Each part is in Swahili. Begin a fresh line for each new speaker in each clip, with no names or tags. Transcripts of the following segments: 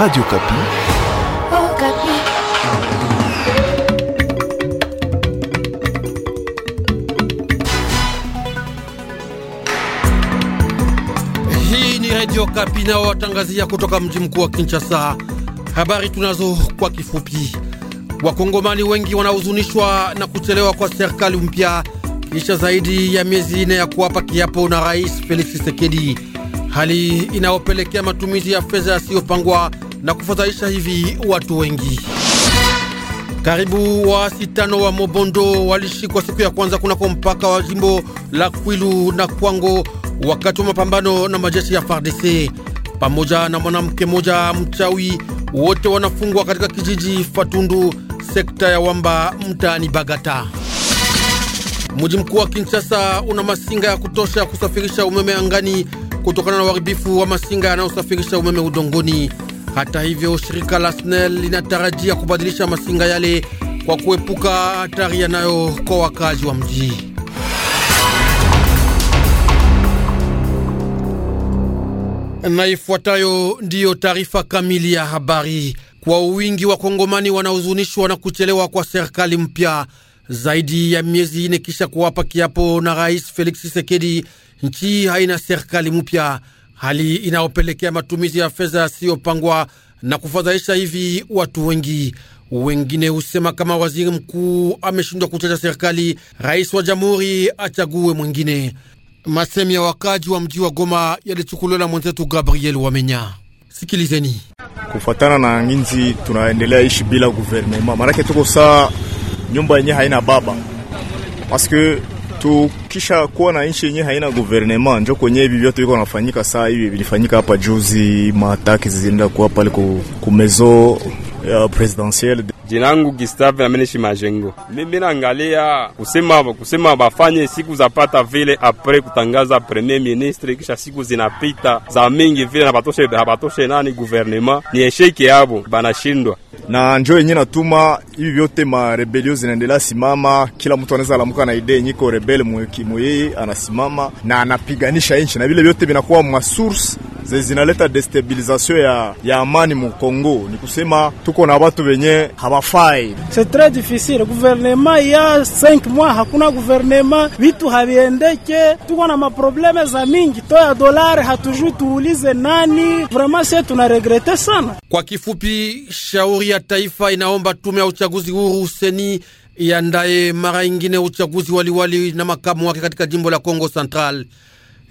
Radio Kapi.
Oh, Kapi.
Hii ni Radio Kapi na watangazia kutoka mji mkuu wa Kinshasa. Habari tunazo kwa kifupi. Wakongomani wengi wanahuzunishwa na kuchelewa kwa serikali mpya kisha zaidi ya miezi ine ya kuwapa kiapo na Rais Felix Tshisekedi, hali inayopelekea matumizi ya fedha yasiyopangwa na kufadhaisha hivi watu wengi. Karibu waasi tano wa Mobondo walishikwa siku ya kwanza kunako mpaka wa jimbo la Kwilu na Kwango wakati wa mapambano na majeshi ya FARDC pamoja na mwanamke moja mchawi, wote wanafungwa katika kijiji Fatundu, sekta ya Wamba, mtaani Bagata. Mji mkuu wa Kinshasa una masinga ya kutosha ya kusafirisha umeme angani kutokana na uharibifu wa masinga yanayosafirisha umeme udongoni. Hata hivyo, shirika la SNEL linatarajia kubadilisha masinga yale kwa kuepuka hatari yanayo kwa wakazi wa mji. na ifuatayo ndiyo taarifa kamili ya habari. Kwa uwingi wa Kongomani wanahuzunishwa na kuchelewa kwa serikali mpya zaidi ya miezi ine kisha kuwapa kiapo na Rais Felix Tshisekedi, nchi haina serikali mpya hali inayopelekea matumizi ya fedha yasiyopangwa na kufadhaisha hivi watu wengi. Wengine husema kama waziri mkuu ameshindwa kuchacha serikali, rais wa jamhuri achague mwingine. Masemi ya wakaji wa mji wa Goma yalichukuliwa na mwenzetu Gabriel Wamenya.
Sikilizeni. Kufuatana na nginzi, tunaendelea ishi bila guvernema, maanake tuko saa nyumba yenyewe haina baba paske tukisha kuwa na nchi yenyewe haina guvernema, njo kwenye hivi vyote viko nafanyika saa hivi vilifanyika hapa juzi, mataki zizienda kuwa pale kumezo eh, ya presidentielle
Jina langu Gustave Amenishi Majengo. Mimi naangalia kusema kusema bafanye siku za pata vile apre kutangaza premier ministre, kisha siku zinapita za mingi vile na batoshe batoshe nani gouvernement ni esheke yabo banashindwa.
Na njoo yenyewe natuma hivi vyote ma rebellion zinaendelea simama, kila mtu anaweza alamuka na idee nyiko rebel mweki moyeye anasimama na anapiganisha nchi na vile vyote vinakuwa ma source zinaleta destabilisation ya, ya amani mu Kongo. Ni kusema tuko na watu wenye hawafai. C'est très difficile gouvernement ya 5 mois hakuna gouvernement, vitu haviendeke, tuko na maprobleme za mingi to ya dolari, hatujui tuulize nani. Vraiment sie tunaregrete sana.
Kwa kifupi, shauri ya taifa inaomba tume ya uchaguzi huru useni iandaye mara ingine uchaguzi waliwali wali na makamu wake katika jimbo la Kongo Central.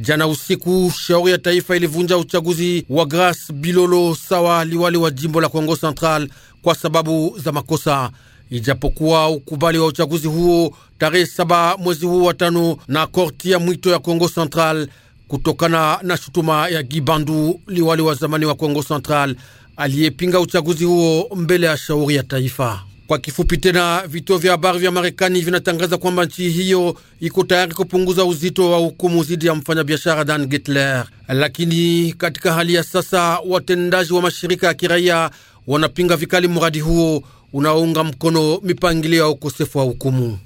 Jana usiku shauri ya taifa ilivunja uchaguzi wa Grace Bilolo sawa liwali wa jimbo la Kongo Central kwa sababu za makosa, ijapokuwa ukubali wa uchaguzi huo tarehe saba mwezi huu wa tano na korti ya mwito ya Kongo Central kutokana na shutuma ya Gibandu, liwali wa zamani wa Kongo Central aliyepinga uchaguzi huo mbele ya shauri ya taifa. Kwa kifupi tena, vituo vya habari vya Marekani vinatangaza kwamba nchi hiyo iko tayari kupunguza uzito wa hukumu dhidi ya mfanyabiashara Dan Gitler, lakini katika hali ya sasa watendaji wa mashirika ya kiraia wanapinga vikali mradi huo unaounga mkono mipangilio ya ukosefu wa hukumu.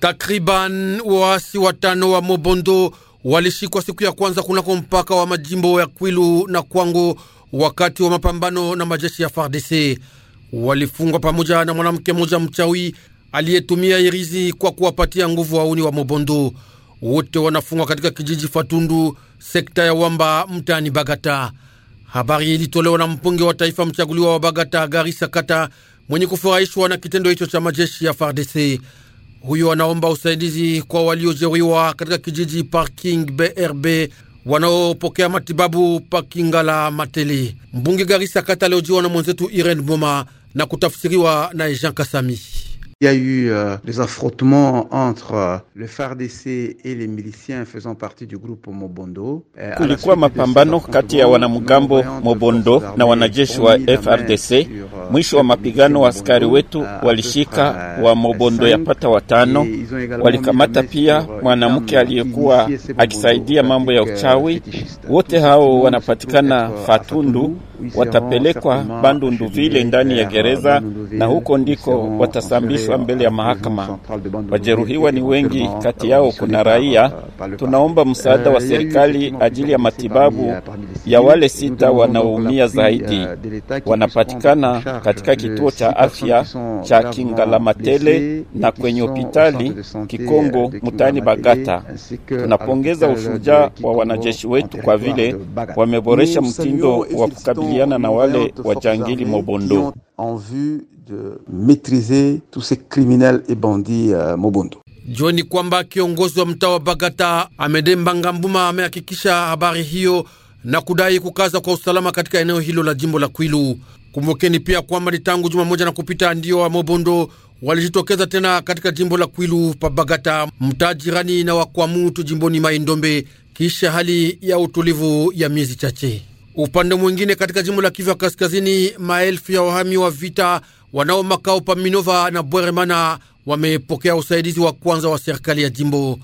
Takriban waasi watano wa Mobondo walishikwa siku ya kwanza kunako mpaka wa majimbo ya Kwilu na Kwango wakati wa mapambano na majeshi ya FARDC. Walifungwa pamoja na mwanamke mmoja mchawi aliyetumia irizi kwa kuwapatia nguvu wauni wa Mobondo. Wote wanafungwa katika kijiji Fatundu, sekta ya Wamba, mtaani Bagata. Habari ilitolewa na mpunge wa taifa mchaguliwa wa Bagata, Gari Sakata, mwenye kufurahishwa na kitendo hicho cha majeshi ya FARDC. Huyo anaomba usaidizi kwa waliojeruhiwa katika kijiji Parking BRB wanaopokea matibabu Pakingala Mateli. Mbunge Garisa Kataleojiwa na mwenzetu Irene Boma na kutafsiriwa na Jean Kasami.
Il y a eu euh, des affrontements entre euh, le FARDC et les miliciens faisant partie du groupe
Mobondo. kulikuwa
mapambano kati ya wanamgambo Mobondo na wanajeshi wa
FARDC. Euh, Mwisho wa mapigano, askari wetu walishika wa Mobondo yapata watano. Walikamata pia euh, mwanamke aliyekuwa akisaidia mambo ya euh, uchawi. Wote hao wanapatikana Fatundu, watapelekwa Bandundu ndani ya gereza, na huko ndiko watasambishwa kufikishwa mbele ya mahakama. Wajeruhiwa ni wengi, kati yao kuna raia. Tunaomba msaada wa serikali ajili ya matibabu ya wale sita wanaoumia zaidi, wanapatikana katika kituo cha afya cha Kingalamatele na kwenye hospitali Kikongo mutani Bagata. Tunapongeza ushujaa wa wanajeshi wetu kwa vile wameboresha mtindo wa kukabiliana na wale wajangili
Mobondo
en vue de
maîtriser tous ces criminels et bandits euh, Mobondo.
Jioni kwamba kiongozi wa mtaa wa Bagata Amedemba Ngambuma amehakikisha habari hiyo na kudai kukaza kwa usalama katika eneo hilo la jimbo la Kwilu. Kumbukeni pia kwamba ni tangu juma moja na kupita ndio wa Mobondo walijitokeza tena katika jimbo la Kwilu pa Bagata, mtaa jirani na wa Kwamutu jimboni maindombe kisha hali ya utulivu ya miezi chache. Upande mwingine, katika jimbo la Kivu ya Kaskazini, maelfu ya wahami wa vita wanao makao pa Minova na Bweremana wamepokea usaidizi wa kwanza wa serikali ya jimbo.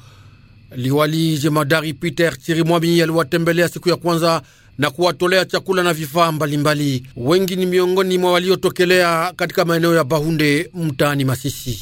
Liwali jemadari Peter Chirimwami aliwatembelea siku ya kwanza na kuwatolea chakula na vifaa mbalimbali. Wengi ni miongoni mwa waliotokelea katika maeneo ya Bahunde mtaani Masisi.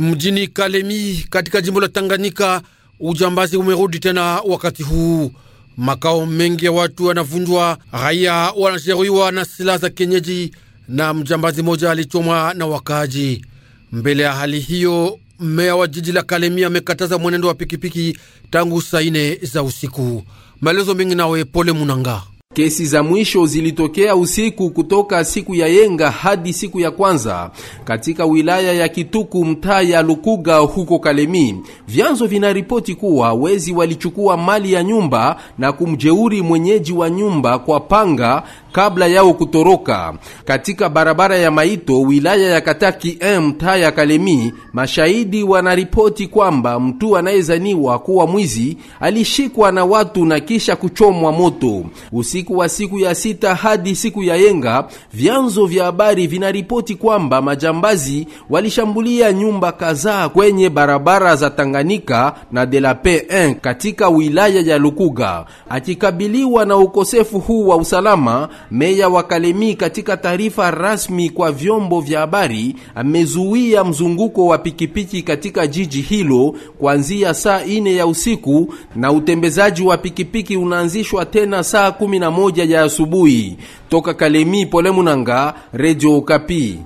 Mjini Kalemi katika jimbo la Tanganyika, ujambazi umerudi tena wakati huu makao mengi ya watu wanavunjwa, raia wanajeruhiwa na silaha za kienyeji, na mjambazi moja alichomwa na wakaaji. Mbele ya hali hiyo, meya wa jiji la Kalemia amekataza mwenendo wa pikipiki tangu saa ine za usiku.
Maelezo mengi nawe Pole Munanga. Kesi za mwisho zilitokea usiku kutoka siku ya yenga hadi siku ya kwanza katika wilaya ya Kituku, mtaa ya Lukuga huko Kalemi. Vyanzo vinaripoti kuwa wezi walichukua mali ya nyumba na kumjeuri mwenyeji wa nyumba kwa panga kabla yao kutoroka katika barabara ya Maito, wilaya ya Kataki mtaa ya Kalemi. Mashahidi wanaripoti kwamba mtu anayezaniwa kuwa mwizi alishikwa na watu na kisha kuchomwa moto usiku wa siku ya sita hadi siku ya yenga. Vyanzo vya habari vinaripoti kwamba majambazi walishambulia nyumba kadhaa kwenye barabara za Tanganyika na de la 1 katika wilaya ya Lukuga. Akikabiliwa na ukosefu huu wa usalama meya wa Kalemi katika taarifa rasmi kwa vyombo vya habari amezuia mzunguko wa pikipiki katika jiji hilo kuanzia saa ine ya usiku na utembezaji wa pikipiki unaanzishwa tena saa kumi na moja ya asubuhi. Toka Kalemi, Pole Munanga, Radio Okapi.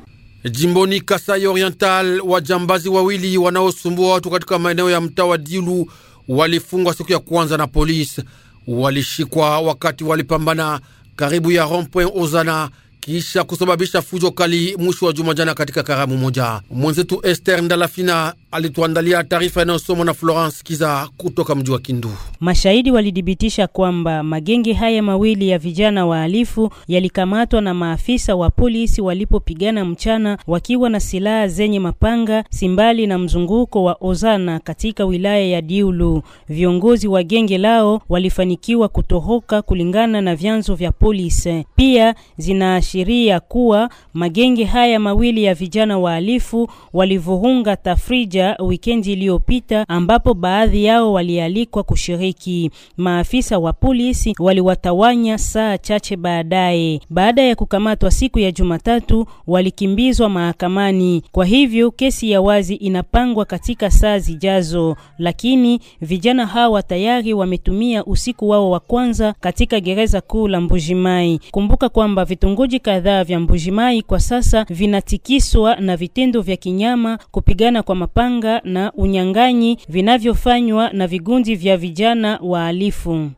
Jimboni Kasai Oriental, wajambazi wawili
wanaosumbua watu katika maeneo ya mtaa wa Diulu walifungwa siku ya kwanza na polisi. Walishikwa wakati walipambana karibu ya Rompoint Ozana kisha kusababisha fujo kali mwisho wa juma jana katika karamu moja. Mwenzetu Esther Ndalafina alituandalia taarifa inayosomwa na Florence Kiza kutoka mji wa Kindu.
Mashahidi walidhibitisha kwamba magenge haya mawili ya vijana wahalifu yalikamatwa na maafisa wa polisi walipopigana mchana wakiwa na silaha zenye mapanga, simbali na mzunguko wa ozana katika wilaya ya Diulu. Viongozi wa genge lao walifanikiwa kutoroka kulingana na vyanzo vya polisi. Pia zinaashiria kuwa magenge haya mawili ya vijana wahalifu walivuhunga tafrija wikendi iliyopita ambapo baadhi yao walialikwa kushiriki kufariki. Maafisa wa polisi waliwatawanya saa chache baadaye. Baada ya kukamatwa siku ya Jumatatu, walikimbizwa mahakamani. Kwa hivyo kesi ya wazi inapangwa katika saa zijazo, lakini vijana hawa tayari wametumia usiku wao wa kwanza katika gereza kuu la Mbujimai. Kumbuka kwamba vitongoji kadhaa vya Mbujimai kwa sasa vinatikiswa na vitendo vya kinyama, kupigana kwa mapanga na unyang'anyi vinavyofanywa na vigundi vya vijana kupatikana waalifu.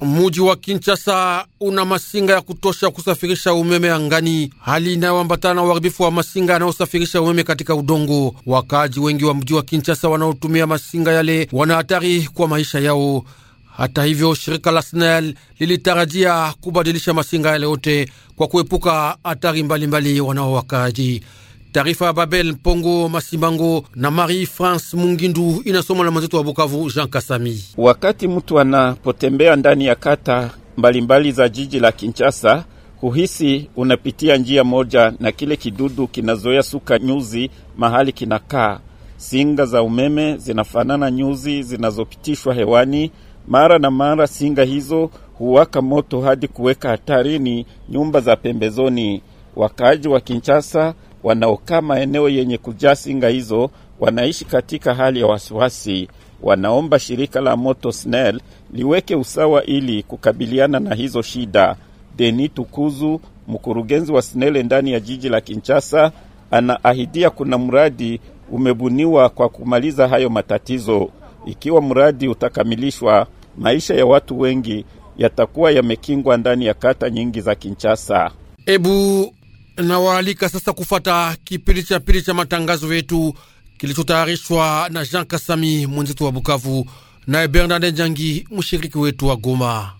Muji wa Kinshasa una masinga ya kutosha kusafirisha umeme angani, hali inayoambatana na uharibifu wa masinga yanayosafirisha umeme katika udongo. Wakaaji wengi wa mji wa Kinshasa wanaotumia masinga yale wana hatari kwa maisha yao. Hata hivyo, shirika la SNEL lilitarajia kubadilisha masinga yale yote kwa kuepuka hatari mbalimbali wakaji Taarifa ya Babel Mpongo masimbango na Marie France Mungindu inasomwa na mwenzetu wa Bukavu Jean Kasami.
Wakati mtu anapotembea ndani ya kata mbalimbali za jiji la Kinshasa huhisi unapitia njia moja na kile kidudu kinazoea suka nyuzi mahali kinakaa. Singa za umeme zinafanana nyuzi zinazopitishwa hewani. Mara na mara singa hizo huwaka moto hadi kuweka hatarini nyumba za pembezoni. Wakaaji wa Kinshasa wanaokaa maeneo yenye kujaa singa hizo wanaishi katika hali ya wasiwasi. Wanaomba shirika la moto SNEL liweke usawa ili kukabiliana na hizo shida. Deni Tukuzu, mkurugenzi wa SNEL ndani ya jiji la Kinshasa, anaahidia kuna mradi umebuniwa kwa kumaliza hayo matatizo. Ikiwa mradi utakamilishwa, maisha ya watu wengi yatakuwa yamekingwa ndani ya kata nyingi za Kinshasa.
Ebu Nawaalika sasa kufata kipindi cha pili cha matangazo yetu kilichotayarishwa na Jean Kasami mwenzetu wa Bukavu naye Bernard Njangi mshiriki wetu wa Goma.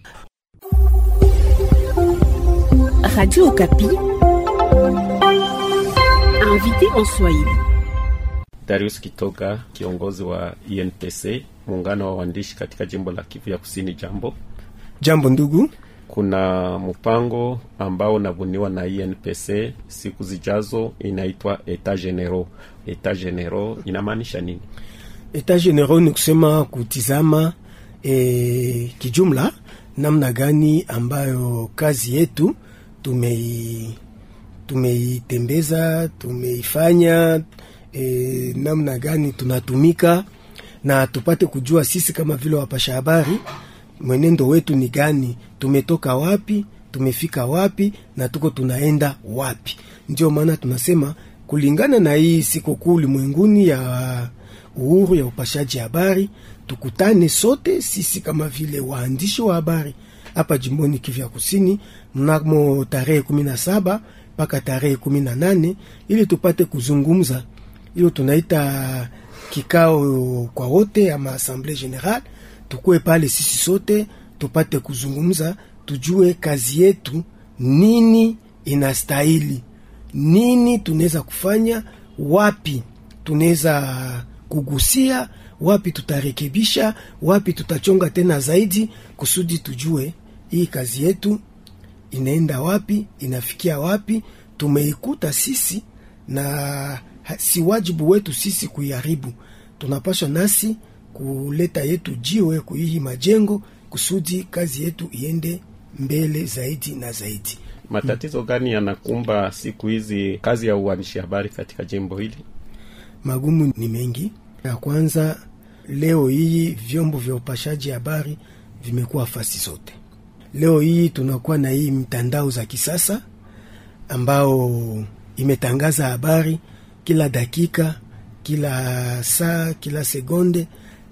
Darius Kitoga, kiongozi wa INTC, muungano wa waandishi katika jimbo la Kivu ya Kusini. Jambo jambo ndugu kuna mpango ambao unavuniwa na INPC siku zijazo, inaitwa eta general. Eta general inamaanisha nini?
Eta general ni kusema kutizama e, kijumla namna gani ambayo kazi yetu tumei tumeitembeza tumeifanya e, namna gani tunatumika na tupate kujua sisi kama vile wapasha habari mwenendo wetu ni gani, tumetoka wapi, tumefika wapi na tuko tunaenda wapi. Ndio maana tunasema kulingana na hii kuu ulimwenguni ya uhuru ya upashaji habari, tukutane sote sisi kama vile waandishi wa habari hapa jimboni kivya Kusini mnamo tarehe kumi na saba mpaka tarehe kumi na nane ili tupate kuzungumza, hiyo tunaita kikao kwa wote ama assemblee generale tukuwe pale sisi sote tupate kuzungumza, tujue kazi yetu nini inastahili, nini tunaweza kufanya, wapi tunaweza kugusia, wapi tutarekebisha, wapi tutachonga tena zaidi, kusudi tujue hii kazi yetu inaenda wapi, inafikia wapi, tumeikuta sisi na si wajibu wetu sisi kuiharibu. Tunapaswa nasi kuleta yetu jiwe kuihi majengo kusudi kazi yetu iende mbele zaidi na zaidi.
Matatizo gani yanakumba siku hizi kazi ya uandishi habari katika jimbo hili?
Magumu ni mengi. Ya kwanza, leo hii vyombo vya upashaji habari vimekuwa fasi zote. Leo hii tunakuwa na hii mtandao za kisasa ambao imetangaza habari kila dakika, kila saa, kila sekonde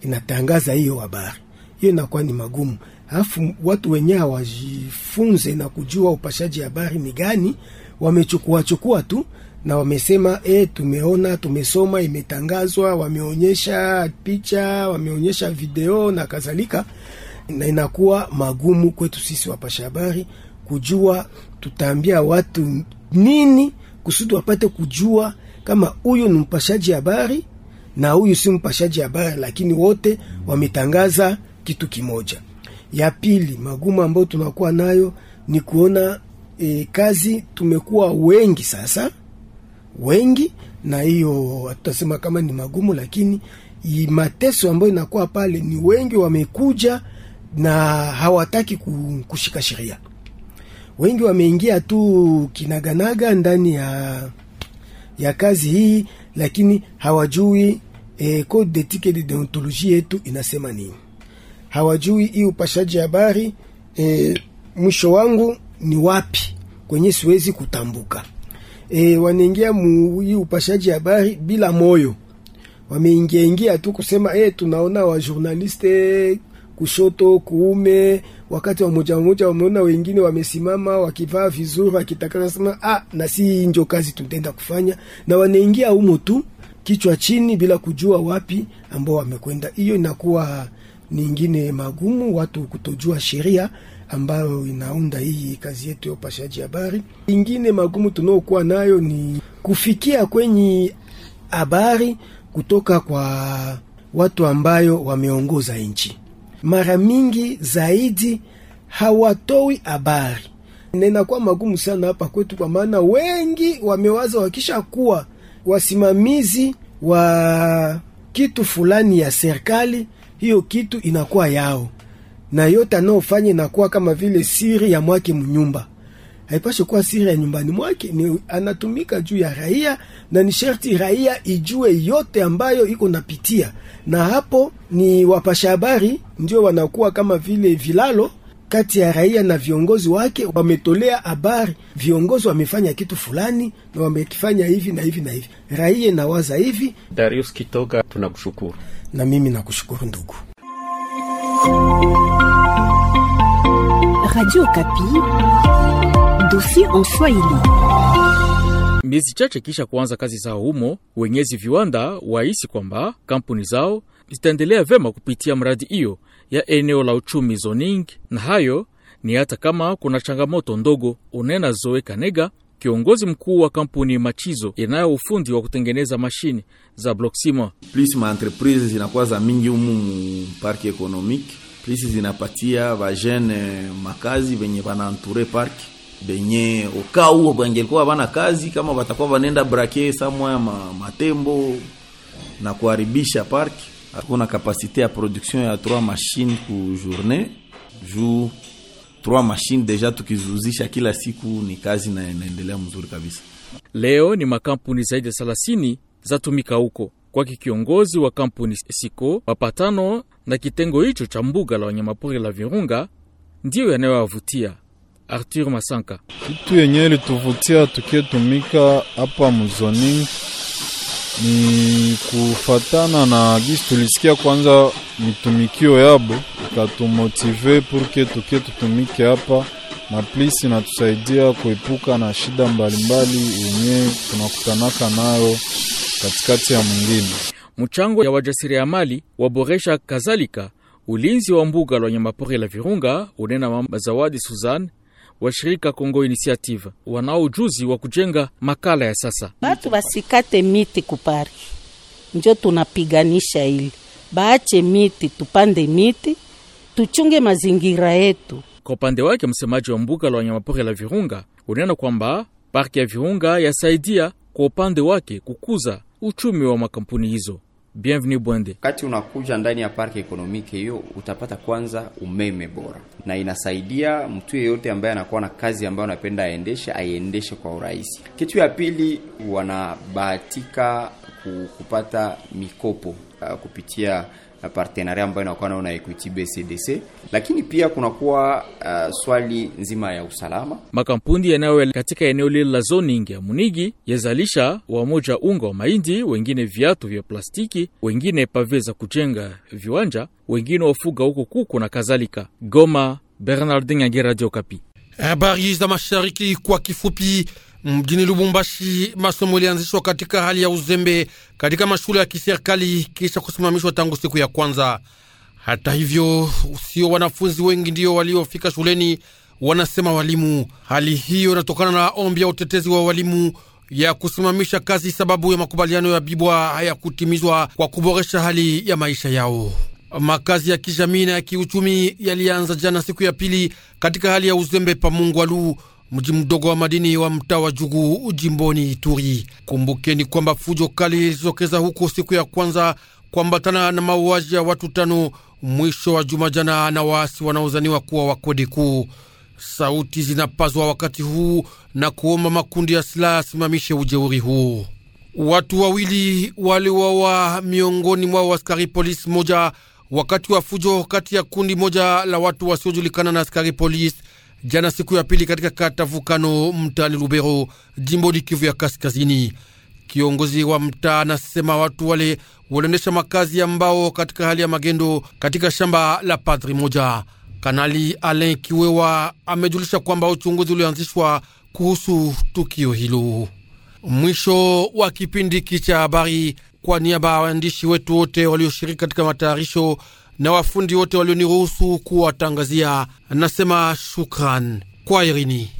inatangaza hiyo habari, hiyo inakuwa ni magumu. Alafu watu wenyewe hawajifunze na kujua upashaji habari ni gani, wamechukua chukua tu na wamesema e, tumeona tumesoma, imetangazwa, wameonyesha picha, wameonyesha video na kadhalika, na inakuwa magumu kwetu sisi wapasha habari kujua tutaambia watu nini kusudi wapate kujua kama huyu ni mpashaji habari na huyu si mpashaji habari, lakini wote wametangaza kitu kimoja. Ya pili, magumu ambayo tunakuwa nayo ni kuona e, kazi tumekuwa wengi sasa, wengi, na hiyo hatutasema kama ni magumu, lakini mateso ambayo inakuwa pale ni wengi wamekuja na hawataki kushika sheria. Wengi wameingia tu kinaganaga ndani ya ya kazi hii, lakini hawajui E, code etike de deontoloji yetu inasema nini? Hawajui hii upashaji habari e, mwisho wangu ni wapi kwenye siwezi kutambuka. E, wanaingia hii upashaji habari bila moyo, wameingia ingia tu kusema e, tunaona wa journaliste kushoto kuume, wakati wa moja moja wameona wengine wamesimama wakivaa vizuri, wakitakana sema ah, na si njo kazi tutenda kufanya, na wanaingia humo tu kichwa chini bila kujua wapi ambao wamekwenda. Hiyo inakuwa ningine magumu, watu kutojua sheria ambayo inaunda hii kazi yetu ya upashaji habari. Ingine magumu tunaokuwa nayo ni kufikia kwenye habari kutoka kwa watu ambayo wameongoza nchi. Mara mingi zaidi hawatoi habari, na inakuwa magumu sana hapa kwetu, kwa maana wengi wamewaza wakisha kuwa wasimamizi wa kitu fulani ya serikali, hiyo kitu inakuwa yao na yote anaofanya inakuwa kama vile siri ya mwake mnyumba. Haipashe kuwa siri ya nyumbani mwake, ni anatumika juu ya raia, na ni sherti raia ijue yote ambayo iko napitia, na hapo ni wapasha habari ndio wanakuwa kama vile vilalo kati ya raia na viongozi wake wametolea habari, viongozi wamefanya kitu fulani na wamekifanya hivi na hivi na hivi, raia inawaza hivi.
Darius Kitoka, tunakushukuru.
Na mimi nakushukuru
ndugu. Radio Kapi,
Miezi chache kisha kuanza kazi zao humo, wenyezi viwanda wahisi kwamba kampuni zao zitaendelea vema kupitia mradi hiyo ya eneo la uchumi zoning, na hayo ni hata kama kuna changamoto ndogo, unena Zoe Kanega, kiongozi mkuu wa kampuni Machizo inayo ufundi wa kutengeneza mashini za blosima Plus ma entreprise zinakuwa za mingi humu muparki ekonomike, plus zinapatia vajene makazi venye
vanaanture parki benye okau bangelikuwa bana kazi kama batakuwa vanenda brake samwa ya matembo na kuharibisha parki kuna kapasite ya production ya 3 machine ku journée juu 3 machine deja
tukizuzisha kila siku ni kazi na inaendelea mzuri kabisa. Leo ni makampuni zaidi ya 30 zatumika huko kwake kiongozi wa kampuni Siko mapatano na kitengo hicho cha mbuga la wanyamapori la Virunga ndiyo yanayowavutia. Arthur Masanka: kitu yenyewe lituvutia tukietumika hapa mzoni ni kufatana na gisi tulisikia kwanza mitumikio yabo ikatumotive purke tuke tutumike hapa na plis inatusaidia kuepuka na shida mbalimbali yenye tunakutanaka nayo katikati ya mwingine. Mchango ya ya wa waboresha kazalika ulinzi wa mbuga la wanyamapori la Virunga, unena Mama Zawadi Suzan wa shirika Kongo Initiative wanao ujuzi wa kujenga makala ya sasa.
Batu basikate miti kupari, njo tunapiganisha ili baache miti, tupande miti, tuchunge mazingira yetu.
Kwa upande wake, msemaji wa mbuga la wanyamapori la Virunga unena kwamba parki ya Virunga yasaidia kwa upande wake kukuza uchumi wa makampuni hizo. Bienvenue Bwende. Wakati unakuja ndani ya parki ekonomike hiyo, utapata kwanza umeme bora, na inasaidia mtu yeyote
ambaye anakuwa na kazi ambayo anapenda aendeshe, aiendeshe kwa urahisi. Kitu ya pili, wanabahatika kupata mikopo uh, kupitia partenari ambayo inakuwa nao na Equity BCDC, lakini pia kunakuwa uh, swali nzima
ya usalama. Makampuni yanayo katika eneo lile la zoning ya Munigi yazalisha wamoja unga wa mahindi, wengine viatu vya plastiki, wengine pave za kujenga viwanja, wengine wafuga huko kuku na kadhalika. Goma, Bernardin Nyange, Radio Kapi. Habari za mashariki kwa kifupi. Mjini Lubumbashi, masomo ilianzishwa
katika hali ya uzembe katika mashule ya kiserikali kisha kusimamishwa tangu siku ya kwanza. Hata hivyo, sio wanafunzi wengi ndio waliofika shuleni, wanasema walimu. Hali hiyo inatokana na ombi ya utetezi wa walimu ya kusimamisha kazi sababu ya makubaliano ya Bibwa hayakutimizwa kwa kuboresha hali ya maisha yao. Makazi ya kijamii na ya kiuchumi yalianza jana siku ya pili katika hali ya uzembe pa Mungwalu mji mdogo wa madini wa mtaa wa Jugu jimboni Ituri. Kumbukeni kwamba fujo kali ilizokeza huko siku ya kwanza kuambatana na mauaji ya watu tano mwisho wa juma jana na waasi wanaozaniwa kuwa wakodi kuu. Sauti zinapazwa wakati huu na kuomba makundi ya silaha yasimamishe ujeuri huo. Watu wawili waliwawa miongoni mwa askari polisi moja wakati wa fujo kati ya kundi moja la watu wasiojulikana na askari polisi jana siku ya pili katika kata Vukano mtaani Lubero jimboni Kivu ya Kaskazini. Kiongozi wa mtaa anasema watu wale waliendesha makazi ya mbao katika hali ya magendo katika shamba la padri moja. Kanali Alain Kiwewa amejulisha kwamba uchunguzi ulioanzishwa kuhusu tukio hilo. Mwisho wa kipindi hiki cha habari, kwa niaba ya waandishi wetu wote walioshiriki katika matayarisho na wafundi wote walioniruhusu kuwatangazia. Nasema shukran kwa irini.